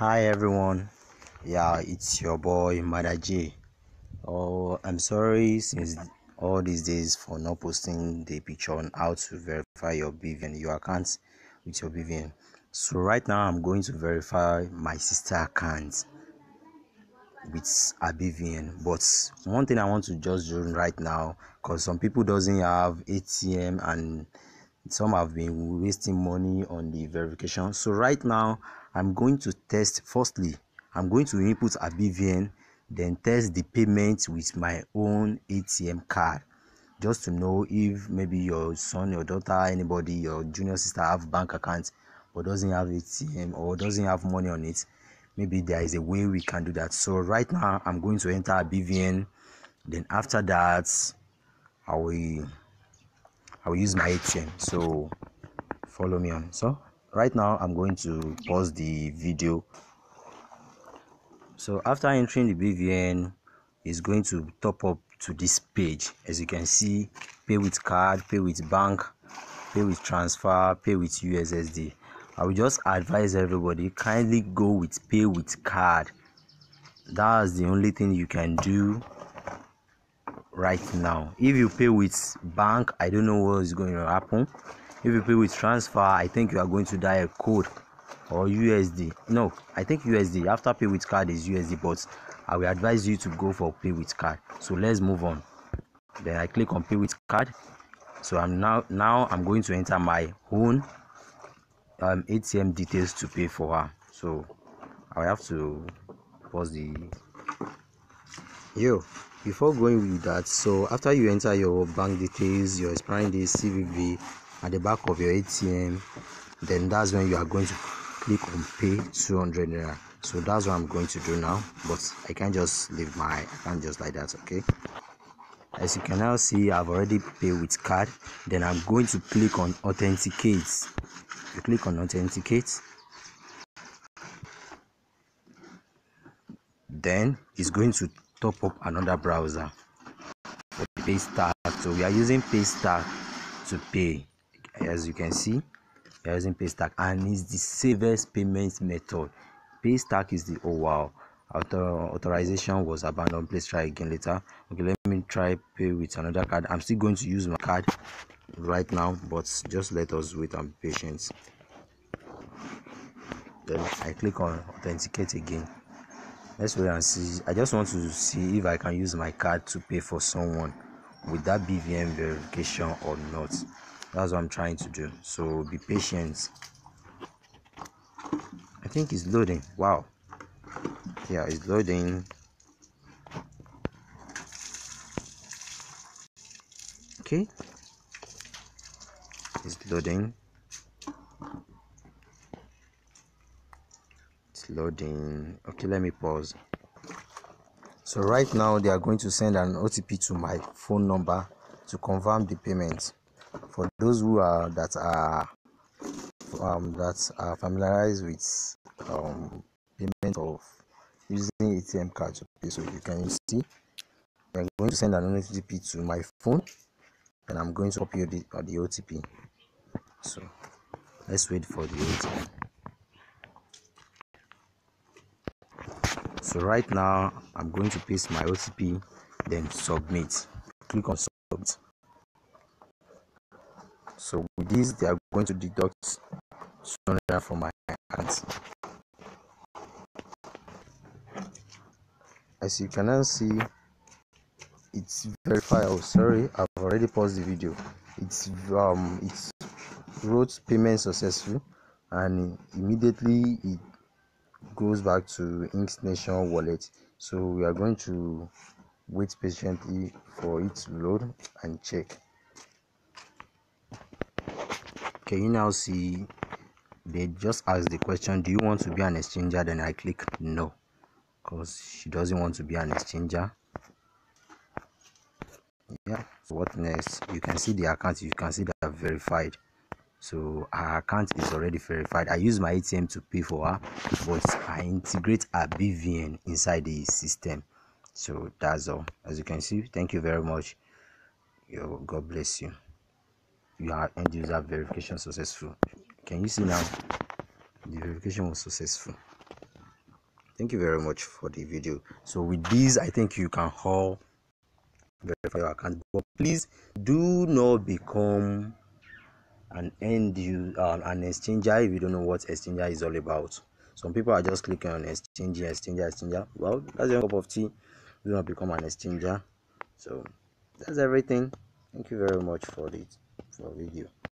hi everyone yeah it's your boy Mada j oh i'm sorry since all these days for not posting the picture on how to verify your bvn your account with your bvn so right now i'm going to verify my sister account with a bvn but one thing i want to just do right now because some people doesn't have atm and some have been wasting money on the verification so right now i'm going to test firstly i'm going to input a bvn then test the payment with my own atm card just to know if maybe your son your daughter anybody your junior sister have bank account but doesn't have atm or doesn't have money on it maybe there is a way we can do that so right now i'm going to enter a bvn then after that i will i will use my atm so follow me on so right now i'm going to pause the video so after entering the bvn it's going to top up to this page as you can see pay with card pay with bank pay with transfer pay with ussd i will just advise everybody kindly go with pay with card that's the only thing you can do right now if you pay with bank i don't know what is going to happen if you pay with transfer i think you are going to die a code or usd no i think usd after pay with card is usd but i will advise you to go for pay with card so let's move on then i click on pay with card so i'm now now i'm going to enter my own um, atm details to pay for her so i have to pause the yo before going with that so after you enter your bank details your expiring the cvv at the back of your atm then that's when you are going to click on pay 200 naira so that's what i'm going to do now but i can't just leave my can't just like that okay as you can now see i've already paid with card then i'm going to click on authenticate you click on authenticate then it's going to top up another browser for so we are using Paystack to pay as you can see we are using paystack and it's the safest payment method paystack is the oh wow Author, authorization was abandoned please try again later okay let me try pay with another card i'm still going to use my card right now but just let us wait and be patient then i click on authenticate again let's wait and see i just want to see if i can use my card to pay for someone with that bvm verification or not that's what i'm trying to do so be patient i think it's loading wow yeah it's loading okay it's loading it's loading okay let me pause so right now they are going to send an otp to my phone number to confirm the payment for those who are that are um, that are familiarized with um, payment of using atm card to pay so you can see i'm going to send an otp to my phone and i'm going to copy the, uh, the otp so let's wait for the otp so right now i'm going to paste my otp then submit click on submit so with this they are going to deduct 200 from my account as you can now see it's verified oh sorry i've already paused the video it's um it's wrote payment successful and immediately it goes back to Inks Nation wallet. So we are going to wait patiently for it to load and check. Can you now see they just asked the question do you want to be an exchanger then i click no because she doesn't want to be an exchanger yeah so what next you can see the account you can see that verified so her account is already verified i use my atm to pay for her but i integrate a bvn inside the system so that's all as you can see thank you very much Yo, god bless you you have end user verification successful can you see now the verification was successful thank you very much for the video so with this, i think you can all verify your account but please do not become an end you uh, an exchanger if you don't know what exchanger is all about some people are just clicking on exchanger exchanger exchanger well that's your cup of tea you not become an exchanger so that's everything thank you very much for this for video